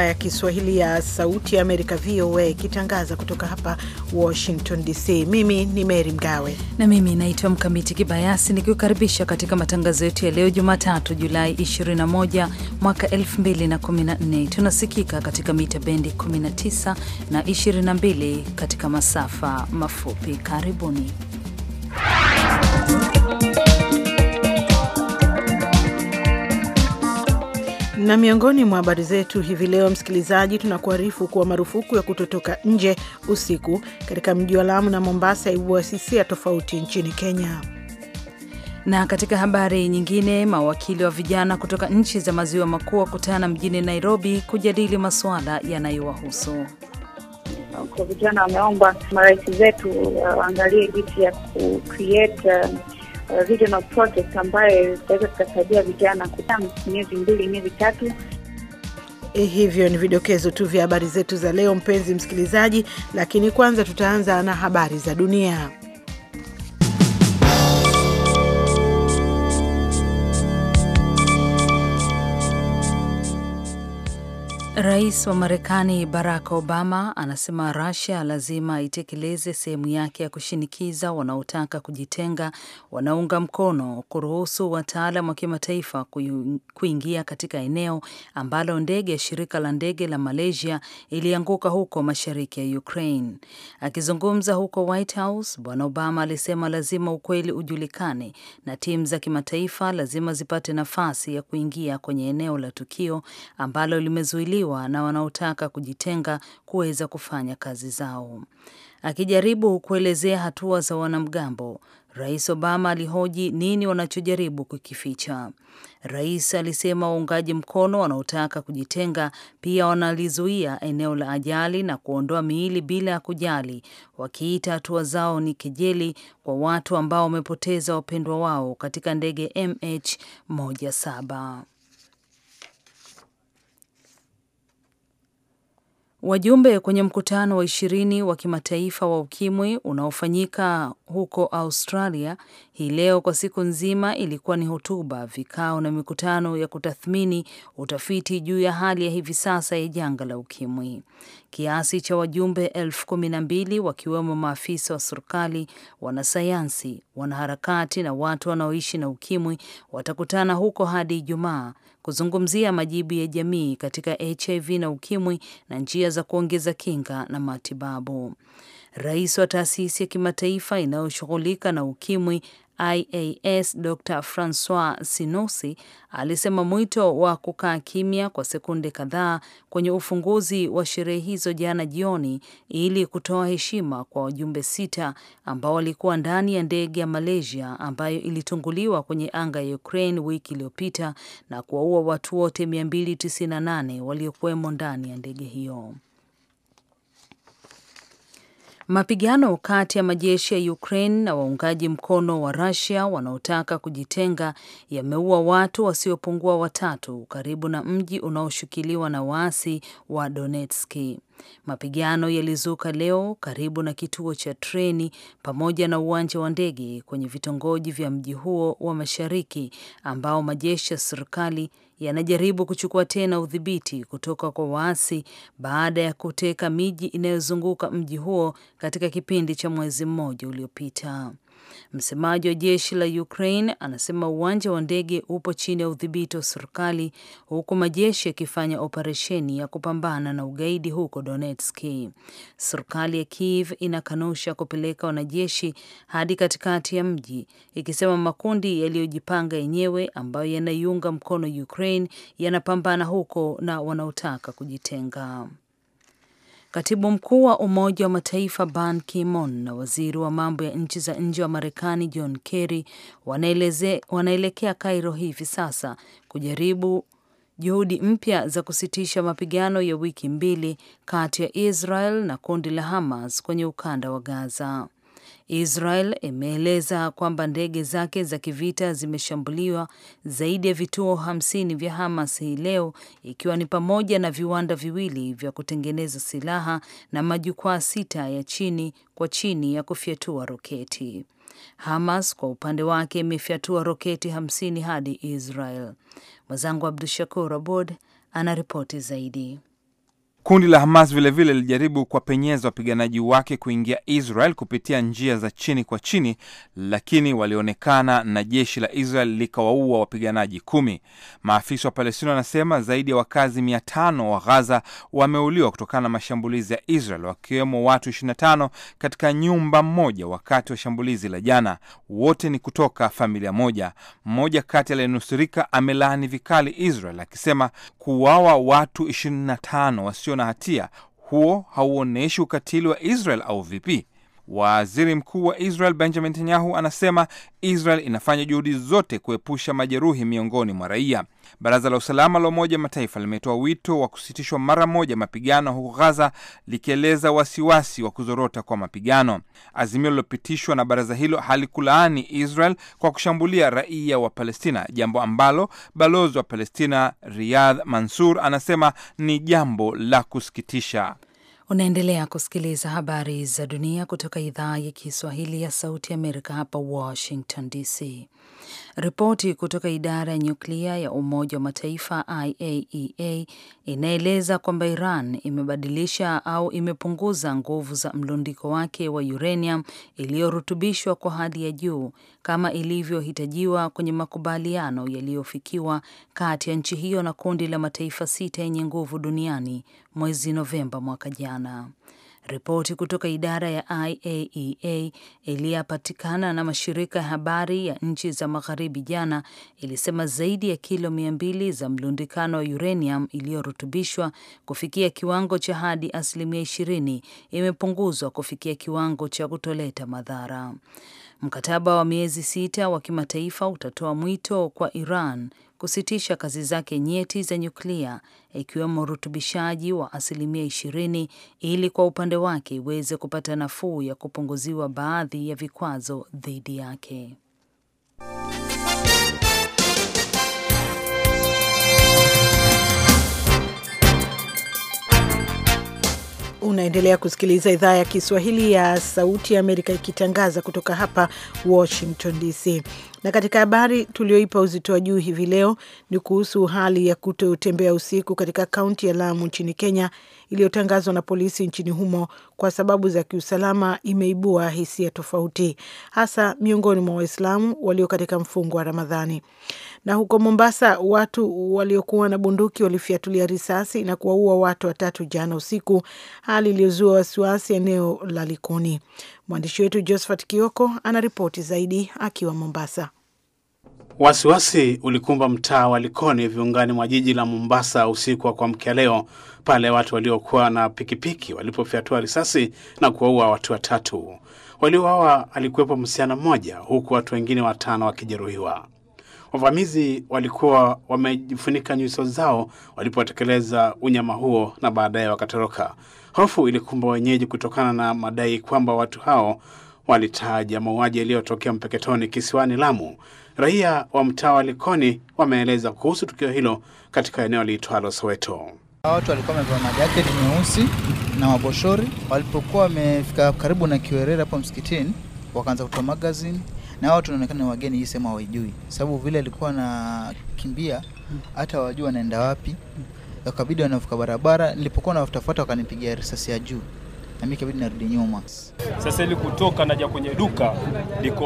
idhaa ya Kiswahili ya Sauti ya Amerika, VOA, ikitangaza kutoka hapa Washington DC. Mimi ni Mary Mgawe na mimi naitwa Mkamiti Kibayasi, nikiukaribisha katika matangazo yetu ya leo Jumatatu, Julai 21 mwaka 2014. Tunasikika katika mita bendi 19 na 22 katika masafa mafupi. Karibuni Na miongoni mwa habari zetu hivi leo, msikilizaji, tunakuarifu kuwa marufuku ya kutotoka nje usiku katika mji wa Lamu na Mombasa yaibua hisia tofauti nchini Kenya. Na katika habari nyingine, mawakili wa vijana kutoka nchi za maziwa makuu wakutana mjini Nairobi kujadili masuala yanayowahusu. Kwa vijana wameomba marais zetu uh, waangalie uh, jinsi ya ku um, Eh, regional project ambayo itaweza tukasaidia vijana kukaa miezi mbili miezi tatu. Eh, hivyo ni vidokezo tu vya habari zetu za leo, mpenzi msikilizaji, lakini kwanza tutaanza na habari za dunia. Rais wa Marekani Barack Obama anasema Russia lazima itekeleze sehemu yake ya kushinikiza wanaotaka kujitenga wanaunga mkono kuruhusu wataalam wa kimataifa kuingia katika eneo ambalo ndege ya shirika la ndege la Malaysia ilianguka huko mashariki ya Ukraine. Akizungumza huko White House, Bwana Obama alisema lazima ukweli ujulikane na timu za kimataifa lazima zipate nafasi ya kuingia kwenye eneo la tukio ambalo limezuiliwa kuzuiliwa na wanaotaka kujitenga kuweza kufanya kazi zao. Akijaribu kuelezea hatua za wanamgambo, Rais Obama alihoji nini wanachojaribu kukificha. Rais alisema waungaji mkono wanaotaka kujitenga pia wanalizuia eneo la ajali na kuondoa miili bila ya kujali, wakiita hatua zao ni kejeli kwa watu ambao wamepoteza wapendwa wao katika ndege MH17. Wajumbe kwenye mkutano wa ishirini wa kimataifa wa ukimwi unaofanyika huko Australia hii leo kwa siku nzima ilikuwa ni hotuba, vikao na mikutano ya kutathmini utafiti juu ya hali ya hivi sasa ya janga la ukimwi. Kiasi cha wajumbe elfu kumi na mbili wakiwemo maafisa wa serikali, wanasayansi, wanaharakati na watu wanaoishi na ukimwi watakutana huko hadi Ijumaa kuzungumzia majibu ya jamii katika HIV na ukimwi na njia za kuongeza kinga na matibabu. Rais wa taasisi ya kimataifa inayoshughulika na ukimwi IAS Dr Francois Sinosi alisema mwito wa kukaa kimya kwa sekunde kadhaa kwenye ufunguzi wa sherehe hizo jana jioni ili kutoa heshima kwa wajumbe sita ambao walikuwa ndani ya ndege ya Malaysia ambayo ilitunguliwa kwenye anga ya Ukraine wiki iliyopita na kuwaua watu wote 298 waliokuwemo ndani ya ndege hiyo. Mapigano kati ya majeshi ya Ukraine na waungaji mkono wa Russia wanaotaka kujitenga yameua watu wasiopungua watatu karibu na mji unaoshikiliwa na waasi wa Donetski. Mapigano yalizuka leo karibu na kituo cha treni pamoja na uwanja wa ndege kwenye vitongoji vya mji huo wa mashariki ambao majeshi ya serikali yanajaribu kuchukua tena udhibiti kutoka kwa waasi baada ya kuteka miji inayozunguka mji huo katika kipindi cha mwezi mmoja uliopita. Msemaji wa jeshi la Ukraine anasema uwanja wa ndege upo chini ya udhibiti wa serikali huku majeshi yakifanya operesheni ya kupambana na ugaidi huko Donetsk. Serikali ya Kiev inakanusha kupeleka wanajeshi hadi katikati ya mji ikisema makundi yaliyojipanga yenyewe ambayo yanaiunga mkono Ukraine yanapambana huko na wanaotaka kujitenga. Katibu mkuu wa Umoja wa Mataifa Ban Ki-moon na waziri wa mambo ya nchi za nje wa Marekani John Kerry wanaelekea Cairo hivi sasa kujaribu juhudi mpya za kusitisha mapigano ya wiki mbili kati ya Israel na kundi la Hamas kwenye ukanda wa Gaza. Israel imeeleza kwamba ndege zake za kivita zimeshambuliwa zaidi ya vituo hamsini vya Hamas hii leo, ikiwa ni pamoja na viwanda viwili vya kutengeneza silaha na majukwaa sita ya chini kwa chini ya kufyatua roketi. Hamas kwa upande wake imefyatua roketi hamsini hadi Israel. Mwenzangu Abdu Shakur Abod anaripoti zaidi. Kundi la Hamas vilevile lilijaribu vile kuwapenyeza wapiganaji wake kuingia Israel kupitia njia za chini kwa chini, lakini walionekana na jeshi la Israel likawaua wapiganaji kumi. Maafisa wa Palestina wanasema zaidi ya wakazi mia tano wa Ghaza wameuliwa kutokana na mashambulizi ya Israel, wakiwemo watu 25 katika nyumba moja wakati wa shambulizi la jana. Wote ni kutoka familia moja. Mmoja kati aliyenusurika amelaani vikali Israel akisema kuuawa watu 25 wasio wasio na hatia, huo hauonyeshi ukatili wa Israel au vipi? Waziri Mkuu wa Israel Benjamin Netanyahu anasema Israel inafanya juhudi zote kuepusha majeruhi miongoni mwa raia. Baraza la Usalama la Umoja Mataifa limetoa wito wa kusitishwa mara moja mapigano huko Gaza, likieleza wasiwasi wa kuzorota kwa mapigano. Azimio lilopitishwa na baraza hilo halikulaani Israel kwa kushambulia raia wa Palestina, jambo ambalo balozi wa Palestina Riyadh Mansur anasema ni jambo la kusikitisha. Unaendelea kusikiliza habari za dunia kutoka idhaa ya Kiswahili ya Sauti ya Amerika hapa Washington DC. Ripoti kutoka idara ya nyuklia ya Umoja wa Mataifa, IAEA, e inaeleza kwamba Iran imebadilisha au imepunguza nguvu za mlundiko wake wa uranium iliyorutubishwa kwa hali ya juu kama ilivyohitajiwa kwenye makubaliano yaliyofikiwa kati ya nchi hiyo na kundi la mataifa sita yenye nguvu duniani mwezi Novemba mwaka jana. Ripoti kutoka idara ya IAEA e iliyopatikana na mashirika ya habari ya nchi za magharibi jana ilisema zaidi ya kilo mia mbili za mlundikano wa uranium iliyorutubishwa kufikia kiwango cha hadi asilimia ishirini imepunguzwa kufikia kiwango cha kutoleta madhara. Mkataba wa miezi sita wa kimataifa utatoa mwito kwa Iran kusitisha kazi zake nyeti za nyuklia ikiwemo urutubishaji wa asilimia ishirini ili kwa upande wake iweze kupata nafuu ya kupunguziwa baadhi ya vikwazo dhidi yake. Unaendelea kusikiliza idhaa ya Kiswahili ya Sauti ya Amerika ikitangaza kutoka hapa Washington DC. Na katika habari tulioipa uzito wa juu hivi leo ni kuhusu hali ya kutotembea usiku katika kaunti ya Lamu nchini Kenya iliyotangazwa na polisi nchini humo kwa sababu za kiusalama imeibua hisia tofauti, hasa miongoni mwa Waislamu walio katika mfungo wa Ramadhani. Na huko Mombasa, watu waliokuwa na bunduki walifyatulia risasi na kuwaua watu watatu jana usiku, hali iliyozua wasiwasi eneo la Likoni. Mwandishi wetu Josephat Kioko anaripoti zaidi akiwa Mombasa. Wasiwasi ulikumba mtaa wa Likoni viungani mwa jiji la Mombasa usiku wa kuamkia leo pale watu waliokuwa na pikipiki walipofyatua risasi na kuwaua watu watatu. Waliouawa alikuwepo msichana mmoja, huku watu wengine watano wakijeruhiwa. Wavamizi walikuwa wamejifunika nyuso zao walipotekeleza unyama huo na baadaye wakatoroka. Hofu ilikumba wenyeji kutokana na madai kwamba watu hao walitaja mauaji yaliyotokea Mpeketoni kisiwani Lamu. Raia wa mtaa wa Likoni wameeleza kuhusu tukio hilo katika eneo liitwalo Soweto. Watu walikuwa wamevaa majaketi nyeusi na waboshori Walipokuwa wamefika karibu na Kiwerere hapo msikitini, wakaanza kutoa magazini na watu wanaonekana ni wageni, hii sehemu hawaijui, sababu vile alikuwa anakimbia hata wajua wanaenda wapi. Wakabidi wanavuka barabara, nilipokuwa nawatafuta wakanipigia risasi ya juu na mimi kabidi narudi nyuma. Sasa ili kutoka, naja kwenye duka,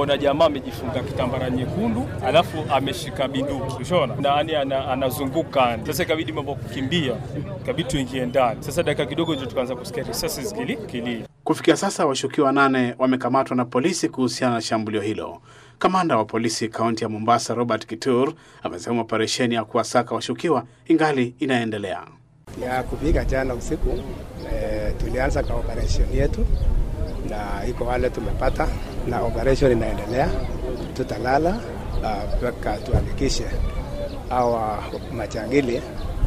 na jamaa amejifunga kitambara nyekundu, alafu ameshika binduki, ushona na ani anazunguka. Sasa ikabidi mambo kukimbia, kabidi tuingie ndani. Sasa dakika kidogo ndio tukaanza kusikia risasi zikilia. Kufikia sasa washukiwa nane wamekamatwa na polisi kuhusiana na shambulio hilo. Kamanda wa polisi kaunti ya Mombasa Robert Kitur amesema operesheni ya kuwasaka washukiwa ingali inaendelea ya kupiga jana usiku e, tulianza kwa operation yetu na iko wale tumepata, na operation inaendelea. Tutalala ah, mpaka tuhakikishe hawa majangili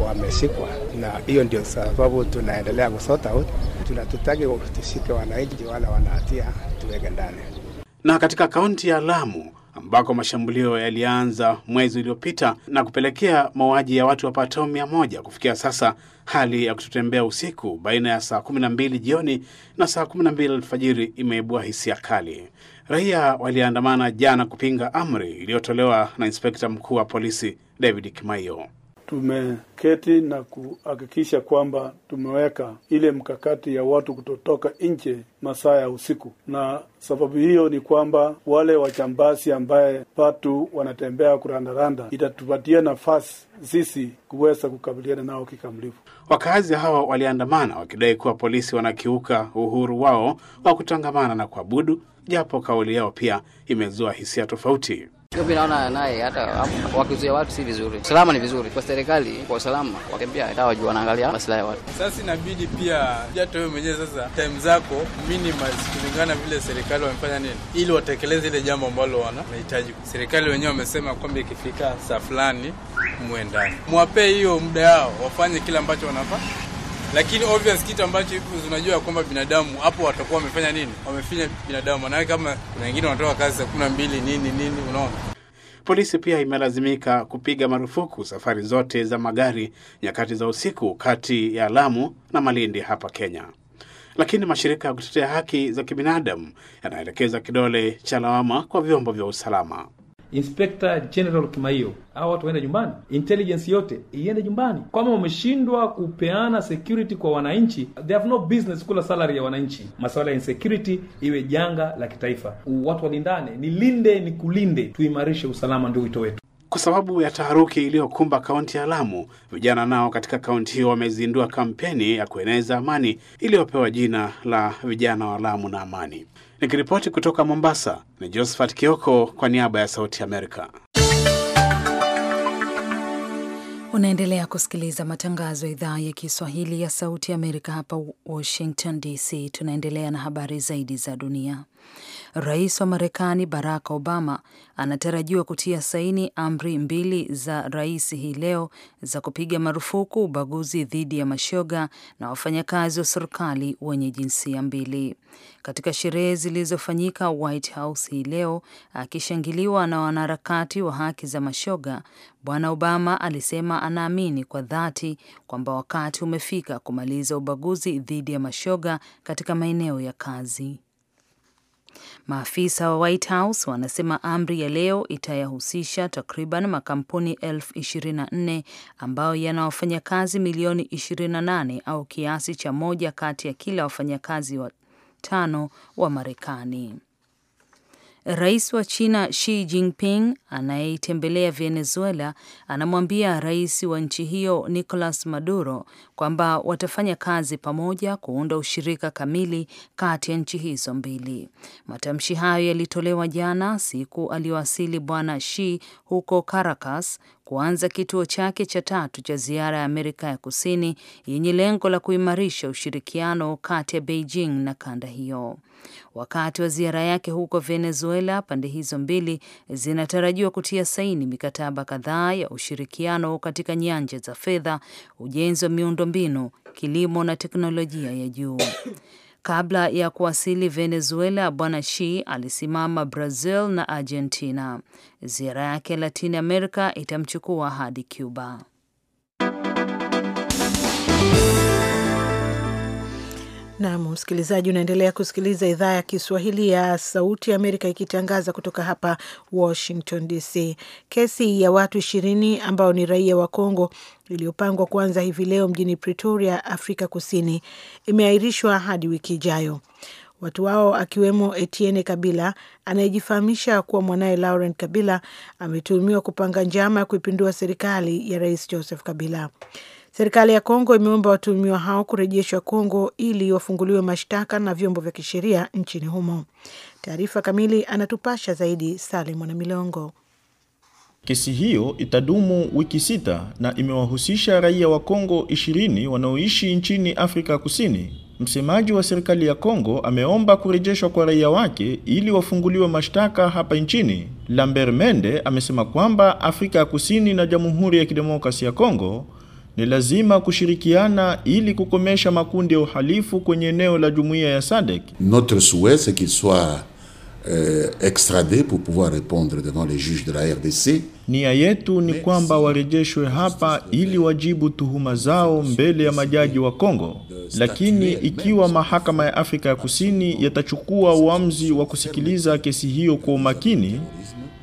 wameshikwa, na hiyo ndio sababu tunaendelea kusota out. Tunatutaki tushike wananchi wale wanahatia, tuweke ndani. Na katika kaunti ya Lamu ambako mashambulio yalianza mwezi uliopita na kupelekea mauaji ya watu wapatao mia moja kufikia sasa Hali ya kutotembea usiku baina ya saa 12 jioni na saa 12 alfajiri imeibua hisia kali. Raia waliandamana jana kupinga amri iliyotolewa na inspekta mkuu wa polisi David Kimaiyo tumeketi na kuhakikisha kwamba tumeweka ile mkakati ya watu kutotoka nje masaa ya usiku, na sababu hiyo ni kwamba wale wachambasi ambaye watu wanatembea kurandaranda, itatupatia nafasi sisi kuweza kukabiliana nao kikamilifu. Wakazi hawa waliandamana wakidai kuwa polisi wanakiuka uhuru wao wa kutangamana na kuabudu, japo kauli yao pia imezua hisia tofauti. Mimi naona naye hata wakizuia watu si vizuri. Usalama ni vizuri kwa serikali, kwa usalama wakiambia hata wajua wanaangalia maslahi ya watu. Sasa inabidi pia hata wewe mwenyewe sasa time zako minimize kulingana vile serikali wamefanya nini ili watekeleze ile jambo ambalo wanahitaji. Serikali wenyewe wamesema kwamba ikifika saa fulani muendane. Muwape hiyo muda yao wafanye kile ambacho wanafaa lakini obvious kitu ambacho hivi unajua kwamba binadamu hapo watakuwa wamefanya nini, wamefinya binadamu, manake kama kuna wengine wanatoka kazi saa kumi na mbili nini nini, unaona. Polisi pia imelazimika kupiga marufuku safari zote za magari nyakati za usiku kati ya Lamu na Malindi hapa Kenya. Lakini mashirika ya kutetea haki za kibinadamu yanaelekeza kidole cha lawama kwa vyombo vya usalama. Inspector General Kimaiyo, hao watu waende nyumbani, intelligence yote iende nyumbani. Kama wameshindwa kupeana security kwa wananchi, they have no business kula salary ya wananchi. Masuala ya insecurity iwe janga la kitaifa, watu walindane. Nilinde ni kulinde, tuimarishe usalama, ndio wito wetu. Kwa sababu ya taharuki iliyokumba kaunti ya Lamu, vijana nao katika kaunti hiyo wamezindua kampeni ya kueneza amani iliyopewa jina la Vijana wa Lamu na Amani. Nikiripoti kutoka Mombasa ni Josephat Kioko kwa niaba ya Sauti Amerika. Unaendelea kusikiliza matangazo ya idhaa ya Kiswahili ya Sauti Amerika hapa Washington DC. Tunaendelea na habari zaidi za dunia. Rais wa Marekani Barack Obama anatarajiwa kutia saini amri mbili za rais hii leo za kupiga marufuku ubaguzi dhidi ya mashoga na wafanyakazi wa serikali wenye jinsia mbili. Katika sherehe zilizofanyika White House hii leo, akishangiliwa na wanaharakati wa haki za mashoga, Bwana Obama alisema anaamini kwa dhati kwamba wakati umefika kumaliza ubaguzi dhidi ya mashoga katika maeneo ya kazi. Maafisa wa White House wanasema amri ya leo itayahusisha takriban makampuni elfu ishirini na nne ambayo yana wafanyakazi milioni 28 au kiasi cha moja kati ya kila wafanyakazi watano wa Marekani. Rais wa China Xi Jinping anayeitembelea Venezuela anamwambia rais wa nchi hiyo Nicolas Maduro kwamba watafanya kazi pamoja kuunda ushirika kamili kati ya nchi hizo mbili. Matamshi hayo yalitolewa jana siku aliyowasili Bwana Xi huko Caracas kuanza kituo chake cha tatu cha ziara ya Amerika ya Kusini yenye lengo la kuimarisha ushirikiano kati ya Beijing na kanda hiyo. Wakati wa ziara yake huko Venezuela, pande hizo mbili zinatarajiwa kutia saini mikataba kadhaa ya ushirikiano katika nyanja za fedha, ujenzi wa miundombinu, kilimo na teknolojia ya juu. Kabla ya kuwasili Venezuela, Bwana shi alisimama Brazil na Argentina. Ziara yake Latin America itamchukua hadi Cuba. Nam msikilizaji, unaendelea kusikiliza idhaa ya Kiswahili ya Sauti ya Amerika ikitangaza kutoka hapa Washington DC. Kesi ya watu ishirini ambao ni raia wa congo iliyopangwa kuanza hivi leo mjini Pretoria, Afrika Kusini, imeahirishwa hadi wiki ijayo. Watu wao akiwemo Etienne Kabila anayejifahamisha kuwa mwanaye Laurent Kabila ametuhumiwa kupanga njama ya kuipindua serikali ya Rais Joseph Kabila. Serikali ya Kongo imeomba watuhumiwa hao kurejeshwa Kongo ili wafunguliwe mashtaka na vyombo vya kisheria nchini humo. Taarifa kamili anatupasha zaidi Salim Mwanamilongo. Kesi hiyo itadumu wiki sita na imewahusisha raia wa Kongo 20 wanaoishi nchini Afrika Kusini. Msemaji wa serikali ya Kongo ameomba kurejeshwa kwa raia wake ili wafunguliwe mashtaka hapa nchini. Lambert Mende amesema kwamba Afrika ya Kusini na Jamhuri ya Kidemokrasia ya Kongo ni lazima kushirikiana ili kukomesha makundi ya uhalifu kwenye eneo la jumuiya ya SADC. Notre souhait c'est qu'il soit euh, extradé pour pouvoir répondre devant les juges de la RDC. Nia yetu ni kwamba warejeshwe hapa ili wajibu tuhuma zao mbele ya majaji wa Kongo. Lakini ikiwa mahakama ya Afrika ya Kusini yatachukua uamuzi wa kusikiliza kesi hiyo kwa umakini,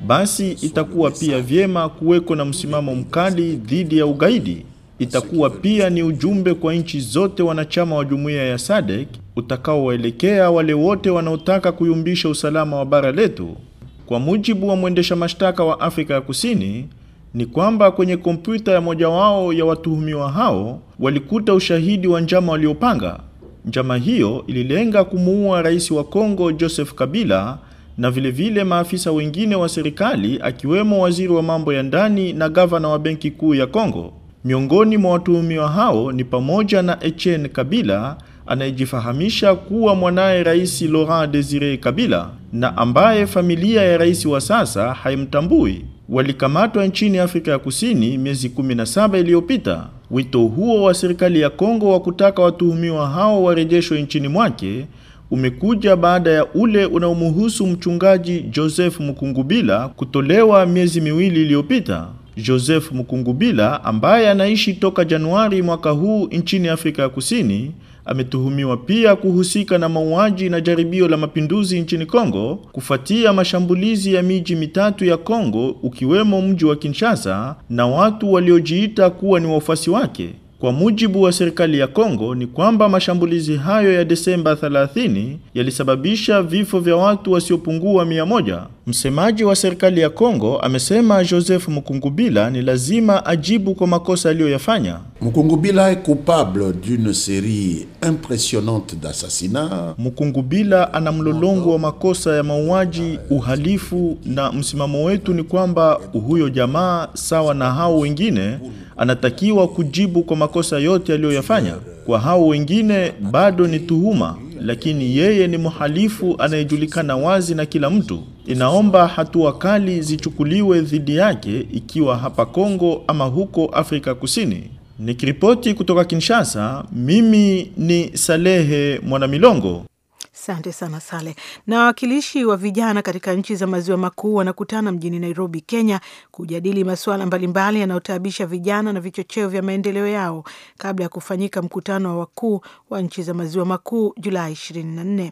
basi itakuwa pia vyema kuweko na msimamo mkali dhidi ya ugaidi itakuwa pia ni ujumbe kwa nchi zote wanachama wa jumuiya ya SADC utakaowaelekea wale wote wanaotaka kuyumbisha usalama wa bara letu. Kwa mujibu wa mwendesha mashtaka wa Afrika ya Kusini, ni kwamba kwenye kompyuta ya moja wao ya watuhumiwa hao walikuta ushahidi wa njama waliopanga. Njama hiyo ililenga kumuua rais wa Kongo Joseph Kabila na vilevile vile maafisa wengine wa serikali akiwemo waziri wa mambo ya ndani na gavana wa benki kuu ya Kongo. Miongoni mwa watuhumiwa hao ni pamoja na Etienne Kabila anayejifahamisha kuwa mwanaye Rais Laurent Desire Kabila na ambaye familia ya rais wa sasa haimtambui. Walikamatwa nchini Afrika ya Kusini miezi 17 iliyopita. Wito huo wa serikali ya Kongo wa kutaka watuhumiwa hao warejeshwe nchini mwake umekuja baada ya ule unaomhusu mchungaji Joseph Mukungubila kutolewa miezi miwili iliyopita. Joseph mukungubila ambaye anaishi toka Januari mwaka huu nchini Afrika ya Kusini ametuhumiwa pia kuhusika na mauaji na jaribio la mapinduzi nchini Kongo kufuatia mashambulizi ya miji mitatu ya Kongo ukiwemo mji wa Kinshasa na watu waliojiita kuwa ni wafuasi wake. Kwa mujibu wa serikali ya Kongo ni kwamba mashambulizi hayo ya Desemba 30 yalisababisha vifo vya watu wasiopungua mia Msemaji wa serikali ya Kongo amesema Joseph Mukungubila ni lazima ajibu kwa makosa aliyoyafanya. Mukungubila est coupable d'une série impressionnante d'assassinats. Mukungubila ana mlolongo wa makosa ya mauaji, uhalifu na msimamo wetu ni kwamba huyo jamaa sawa na hao wengine anatakiwa kujibu kwa makosa yote aliyoyafanya. Kwa hao wengine bado ni tuhuma, lakini yeye ni mhalifu anayejulikana wazi na kila mtu inaomba hatua kali zichukuliwe dhidi yake ikiwa hapa Kongo ama huko Afrika Kusini. Nikiripoti kutoka Kinshasa, mimi ni Salehe Mwanamilongo. Asante sana Sale. Na wawakilishi wa vijana katika nchi za maziwa makuu wanakutana mjini Nairobi, Kenya, kujadili masuala mbalimbali yanayotaabisha vijana na vichocheo vya maendeleo yao kabla ya kufanyika mkutano wa wakuu wa nchi za maziwa makuu Julai 24.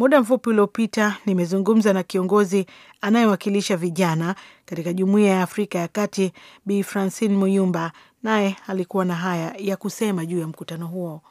Muda mfupi uliopita nimezungumza na kiongozi anayewakilisha vijana katika jumuiya ya Afrika ya Kati, Bi Francine Muyumba, naye alikuwa na haya ya kusema juu ya mkutano huo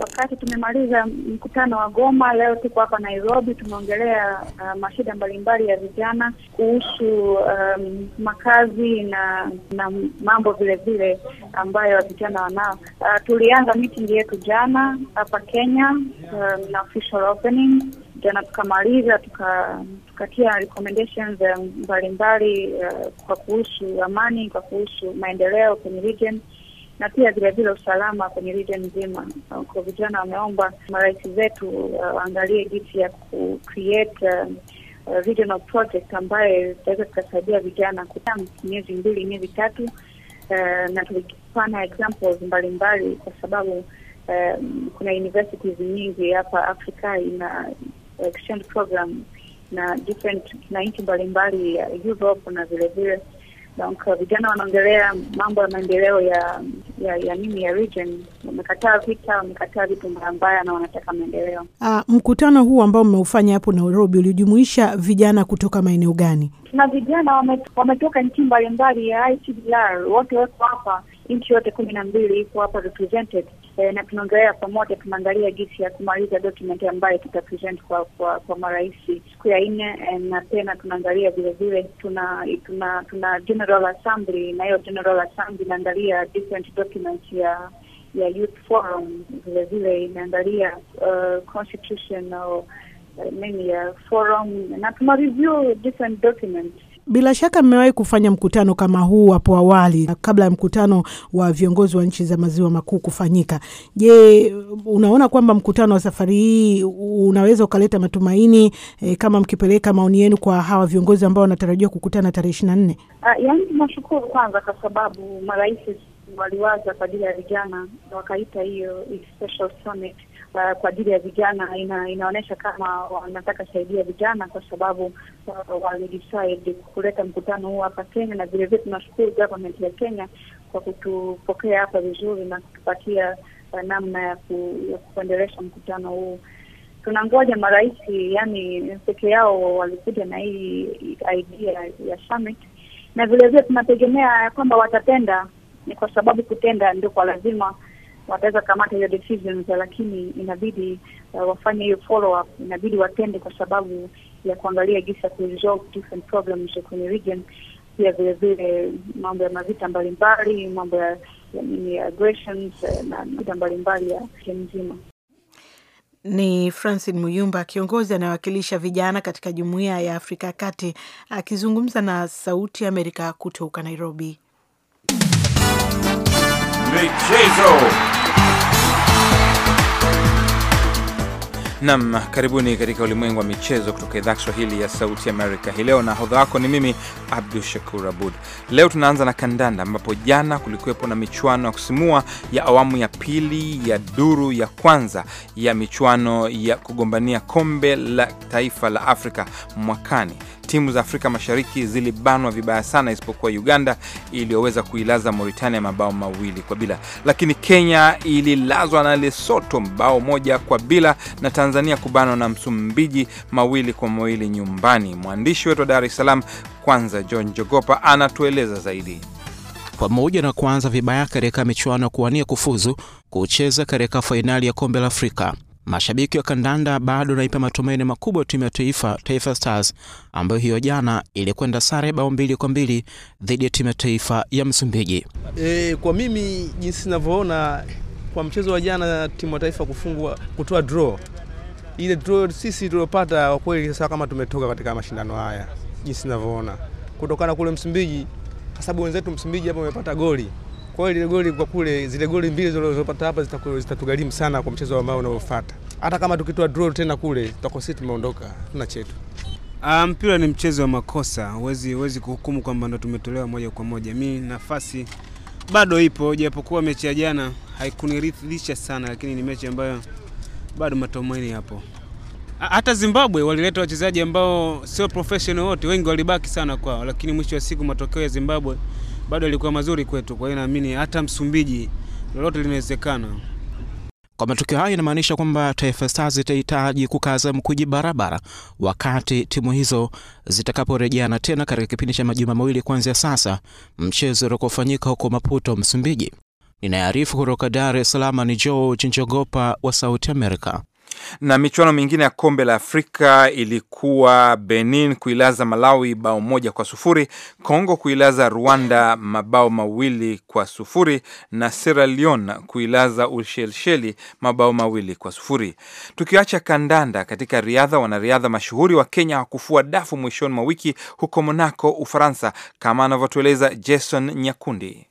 wakati tumemaliza mkutano wa Goma, leo tuko hapa Nairobi, tumeongelea uh, mashida mbalimbali ya vijana kuhusu um, makazi na na mambo vile vile ambayo vijana wanao. Uh, tulianza meeting yetu jana hapa Kenya um, na official opening jana, tukamaliza tuka tukatia recommendations um, mbalimbali um, uh, kwa kuhusu amani, kwa kuhusu maendeleo kwenye region na pia vilevile usalama kwenye region nzima. Kwa vijana wameomba marais zetu uh, waangalie uh, jinsi ya ku create uh, uh, regional project ambayo itaweza tukasaidia vijana kuta miezi mbili miezi tatu uh, na tulipana examples mbalimbali kwa sababu um, kuna universities nyingi hapa Afrika ina exchange program na different na nchi mbalimbali ya Europe na vilevile Donc euh, vijana wanaongelea mambo ya maendeleo ya ya ya nini ya region, wamekataa vita, wamekataa vitu mbaya mbaya na wanataka maendeleo. Ah, mkutano huu ambao mmeufanya hapo Nairobi ulijumuisha vijana kutoka maeneo gani? Tuna vijana wametoka nchi mbalimbali ya ICDR, wote wako hapa, nchi yote kumi na mbili iko hapa represented e, na tunaongelea pamoja, tunaangalia jinsi ya kumaliza document ambayo tutapresent kwa kwa, kwa marais siku ya nne, eh, na tena tunaangalia vilevile tuna tuna tuna general assembly, na hiyo general assembly inaangalia different documents ya ya youth forum, vilevile inaangalia uh, constitutional uh, nini ya forum, na tuma review different documents bila shaka mmewahi kufanya mkutano kama huu hapo awali, kabla ya mkutano wa viongozi wa nchi za maziwa makuu kufanyika. Je, unaona kwamba mkutano wa safari hii unaweza ukaleta matumaini e, kama mkipeleka maoni yenu kwa hawa viongozi ambao wanatarajiwa kukutana tarehe ishirini na nne? Ah, yani nashukuru kwanza, kwa sababu marais waliwaza kwa ajili ya vijana wakaita hiyo special summit uh, kwa ajili ya vijana ina, inaonyesha kama wanataka saidia vijana kwa sababu uh, walidecide kuleta mkutano huu hapa Kenya, na vilevile tunashukuru government ya Kenya kwa kutupokea hapa vizuri na kutupatia uh, namna ya, ku, ya kuendelesha mkutano huu. Tunangoja marais, yani peke yao walikuja na hii idea ya summit, na vilevile tunategemea kwamba watatenda ni kwa sababu kutenda ndio kwa lazima wataweza kamata hiyo decisions, lakini inabidi uh, wafanye hiyo follow up, inabidi watende kwa sababu ya kuangalia jinsi ya kuresolve different problems kwenye region, pia vile vile mambo ya mavita mbalimbali, mambo ya, ya aggressions eh, na vita mbalimbali ya kimzima Ni Francis Muyumba, kiongozi anayewakilisha vijana katika jumuiya ya Afrika ya Kati, akizungumza na Sauti Amerika kutoka Nairobi michezo. Nam, karibuni katika ulimwengu wa michezo kutoka idhaa Kiswahili ya sauti Amerika hii leo, na hodha wako ni mimi Abdu Shakur Abud. Leo tunaanza na kandanda, ambapo jana kulikuwepo na michuano ya kusimua ya awamu ya pili ya duru ya kwanza ya michuano ya kugombania kombe la taifa la Afrika mwakani timu za Afrika Mashariki zilibanwa vibaya sana, isipokuwa Uganda iliyoweza kuilaza Mauritania mabao mawili kwa bila, lakini Kenya ililazwa na Lesotho mbao moja kwa bila, na Tanzania kubanwa na Msumbiji mawili kwa mawili nyumbani. Mwandishi wetu wa Dar es Salaam kwanza John Jogopa anatueleza zaidi. Pamoja na kuanza vibaya katika michuano ya kuwania kufuzu kucheza katika fainali ya kombe la Afrika, Mashabiki wa kandanda bado naipa matumaini makubwa timu ya taifa Taifa Stars ambayo hiyo jana ilikwenda sare bao mbili kwa mbili dhidi ya timu ya taifa ya Msumbiji. E, kwa mimi jinsi ninavyoona kwa mchezo wa jana timu ya taifa kufungwa kutoa draw ile draw sisi tuliopata kwa kweli, sasa kama tumetoka katika mashindano haya jinsi ninavyoona, kutokana kule Msumbiji, kwa sababu wenzetu Msumbiji hapo wamepata goli kwa hiyo ile goli kwa kule, zile goli mbili zilizopata hapa zitatugharimu sana kwa mchezo ambao unaofuata. Hata kama tukitoa draw tena kule, tutakuwa sisi tumeondoka, tuna chetu. Ah, Mpira ni mchezo wa makosa, huwezi huwezi kuhukumu kwamba ndo tumetolewa moja kwa moja. Mi nafasi bado ipo, japokuwa mechi ya jana haikuniridhisha sana, lakini ni mechi ambayo bado matumaini yapo. Hata Zimbabwe walileta wachezaji ambao sio professional wote, wengi walibaki sana kwao, lakini mwisho wa siku matokeo ya Zimbabwe bado yalikuwa mazuri kwetu. Kwa hiyo naamini hata Msumbiji lolote linawezekana. Kwa matukio hayo inamaanisha kwamba Taifa Stars itahitaji kukaza mkuji barabara wakati timu hizo zitakaporejeana tena katika kipindi cha majuma mawili kuanzia sasa, mchezo utakaofanyika huko Maputo, Msumbiji. Ninayearifu kutoka Dar es Salaam ni George Njogopa wa Sauti america na michuano mingine ya kombe la Afrika ilikuwa Benin kuilaza Malawi bao moja kwa sufuri, congo kuilaza Rwanda mabao mawili kwa sufuri na Sierra Leone kuilaza Ushelisheli mabao mawili kwa sufuri. Tukiacha kandanda, katika riadha, wanariadha mashuhuri wa Kenya wakufua dafu mwishoni mwa wiki huko Monaco, Ufaransa, kama anavyotueleza Jason Nyakundi.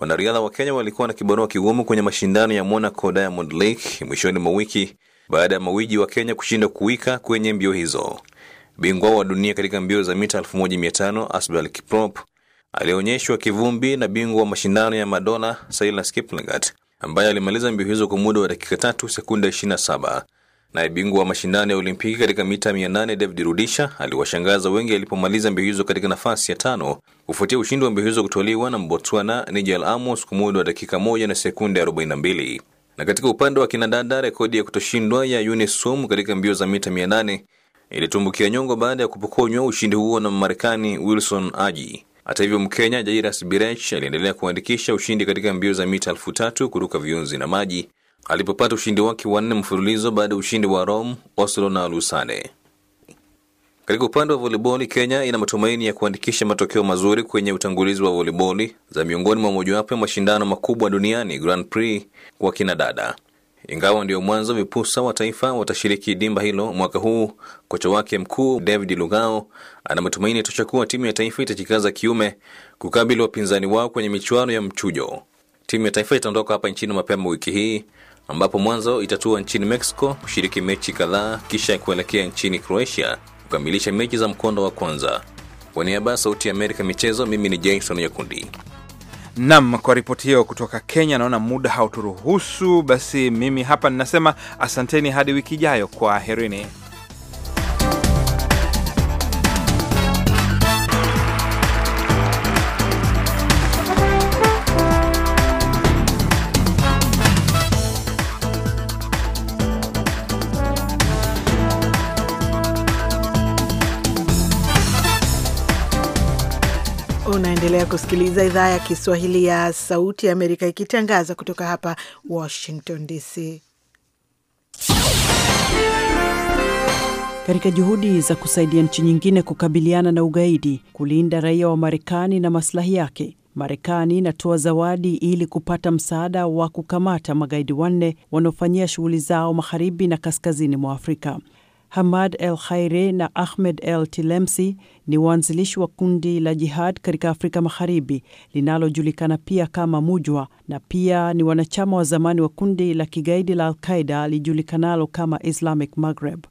Wanariadha wa Kenya walikuwa na kibarua kigumu kwenye mashindano ya Monaco Diamond League mwishoni mwa wiki baada ya mawiji wa Kenya kushinda kuwika kwenye mbio hizo. Bingwa wa dunia katika mbio za mita 1500 Asbel Kiprop alionyeshwa kivumbi na bingwa wa mashindano ya Madonna Silas Kiplangat ambaye alimaliza mbio hizo kwa muda wa dakika tatu sekunde 27. Naye bingwa wa mashindano ya Olimpiki katika mita 800 David Rudisha aliwashangaza wengi alipomaliza mbio hizo katika nafasi ya tano kufuatia ushindi wa mbio hizo kutoliwa na Mbotswana Nigel Amos kwa muda wa dakika moja na sekunde 42. Na katika upande wa kinadada, rekodi ya kutoshindwa ya Unisum katika mbio za mita 800 ilitumbukia nyongo baada ya kupokonywa ushindi huo na marekani Wilson Aji. Hata hivyo, Mkenya Jairus Birech aliendelea kuandikisha ushindi katika mbio za mita elfu tatu kuruka viunzi na maji alipopata ushindi wake wanne mfululizo baada ya ushindi wa Rome, Oslo na Lusane. Katika upande wa voliboli, Kenya ina matumaini ya kuandikisha matokeo mazuri kwenye utangulizi wa voliboli za miongoni mwa mojawapo ya mashindano makubwa duniani Grand Prix kwa kinadada. Ingawa ndiyo mwanzo vipusa wa taifa watashiriki dimba hilo mwaka huu, kocha wake mkuu David Lugao ana matumaini tosha kuwa timu ya taifa itajikaza kiume kukabili wapinzani wao kwenye michuano ya mchujo. Timu ya taifa itaondoka hapa nchini mapema wiki hii ambapo mwanzo itatua nchini Mexico kushiriki mechi kadhaa kisha kuelekea nchini Croatia kukamilisha mechi za mkondo wa kwanza kwa niaba ya sauti ya amerika michezo mimi ni jason Nyakundi. Nam, kwa ripoti hiyo kutoka Kenya. Naona muda hauturuhusu, basi mimi hapa ninasema asanteni hadi wiki ijayo. kwa Kwaherini. Unaendelea kusikiliza idhaa ya Kiswahili ya Sauti ya Amerika ikitangaza kutoka hapa Washington DC. Katika juhudi za kusaidia nchi nyingine kukabiliana na ugaidi, kulinda raia wa Marekani na maslahi yake, Marekani inatoa zawadi ili kupata msaada wa kukamata magaidi wanne wanaofanyia shughuli zao magharibi na kaskazini mwa Afrika. Hamad El Khaire na Ahmed El Tilemsi ni waanzilishi wa kundi la Jihad katika Afrika Magharibi linalojulikana pia kama Mujwa na pia ni wanachama wa zamani wa kundi la kigaidi la alqaida lijulikanalo kama Islamic Maghreb.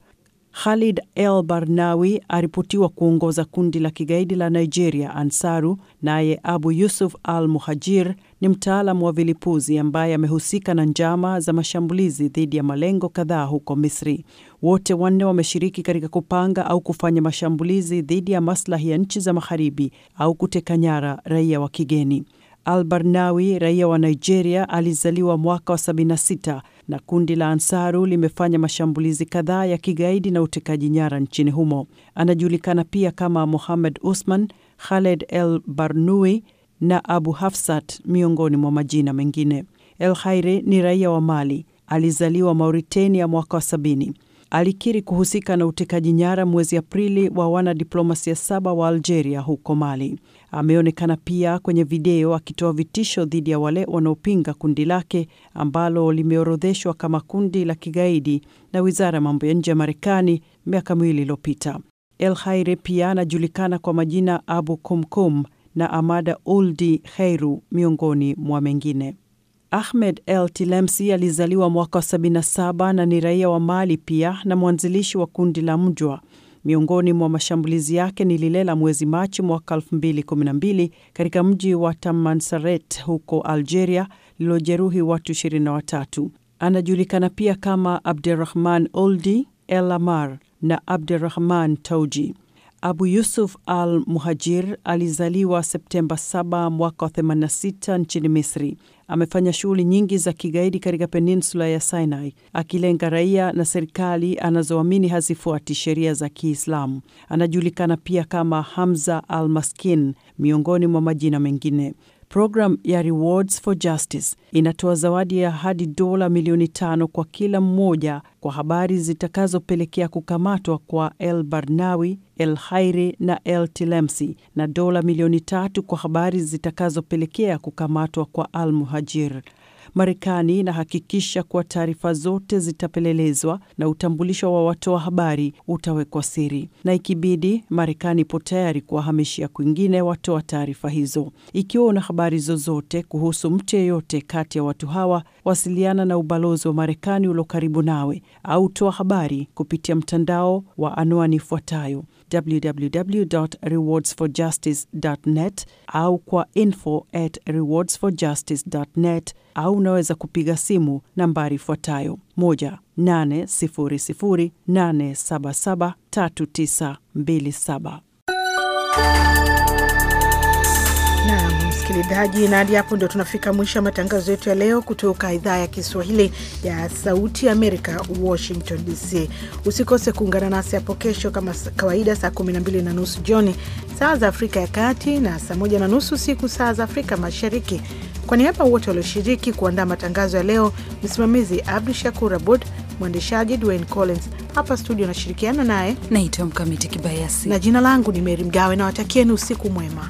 Khalid El Barnawi aripotiwa kuongoza kundi la kigaidi la Nigeria Ansaru, naye Abu Yusuf Al Muhajir ni mtaalamu wa vilipuzi ambaye amehusika na njama za mashambulizi dhidi ya malengo kadhaa huko Misri. Wote wanne wameshiriki katika kupanga au kufanya mashambulizi dhidi ya maslahi ya nchi za magharibi au kuteka nyara raia wa kigeni. Al-Barnawi, raia wa Nigeria, alizaliwa mwaka wa 76 na kundi la Ansaru limefanya mashambulizi kadhaa ya kigaidi na utekaji nyara nchini humo. Anajulikana pia kama Mohamed Usman Khaled El Barnui na Abu Hafsat miongoni mwa majina mengine. El Khairi ni raia wa Mali, alizaliwa Mauritania mwaka wa sabini. Alikiri kuhusika na utekaji nyara mwezi Aprili wa wanadiplomasia saba wa Algeria huko Mali. Ameonekana pia kwenye video akitoa vitisho dhidi ya wale wanaopinga kundi lake ambalo limeorodheshwa kama kundi la kigaidi na wizara ya mambo ya nje ya Marekani miaka miwili iliyopita. El Khairi pia anajulikana kwa majina Abu Kumkum na Amada Uldi heiru miongoni mwa mengine. Ahmed El Tilemsi alizaliwa mwaka wa 77 na ni raia wa Mali pia na mwanzilishi wa kundi la Mjwa. Miongoni mwa mashambulizi yake ni lile la mwezi Machi mwaka 2012 katika mji wa Tamansaret huko Algeria lililojeruhi watu 23. Anajulikana pia kama Abdurrahman Oldi El Amar na Abdurrahman Touji. Abu Yusuf al Muhajir alizaliwa Septemba 7 mwaka wa 86 nchini Misri. Amefanya shughuli nyingi za kigaidi katika peninsula ya Sinai, akilenga raia na serikali anazoamini hazifuati sheria za Kiislamu. Anajulikana pia kama Hamza al Maskin, miongoni mwa majina mengine. Programu ya Rewards for Justice inatoa zawadi ya hadi dola milioni tano kwa kila mmoja kwa habari zitakazopelekea kukamatwa kwa El Barnawi, El Hairi na El Tilemsi na dola milioni tatu kwa habari zitakazopelekea kukamatwa kwa Al Muhajir. Marekani inahakikisha kuwa taarifa zote zitapelelezwa na utambulisho wa watoa habari utawekwa siri, na ikibidi, Marekani ipo tayari kuwahamishia kwingine watoa taarifa hizo. Ikiwa una habari zozote kuhusu mtu yeyote kati ya watu hawa, wasiliana na ubalozi wa Marekani ulio karibu nawe au toa habari kupitia mtandao wa anwani ifuatayo www.rewardsforjustice.net au kwa info at rewardsforjustice.net au unaweza kupiga simu nambari ifuatayo 18008773927 msikilizaji, na hadi hapo ndio tunafika mwisho wa matangazo yetu ya leo kutoka idhaa ya Kiswahili ya Sauti Amerika, Washington DC. Usikose kuungana nasi hapo kesho kama kawaida, saa 12 na nusu jioni saa za Afrika ya Kati na saa 1 na nusu siku saa za Afrika Mashariki. Kwa niaba wote walioshiriki kuandaa matangazo ya leo, msimamizi Abdu Shakur Abud, mwendeshaji Dwayne Collins hapa studio nashirikiana naye, naitwa Mkamiti Kibayasi na jina langu ni Meri Mgawe, na watakieni usiku mwema.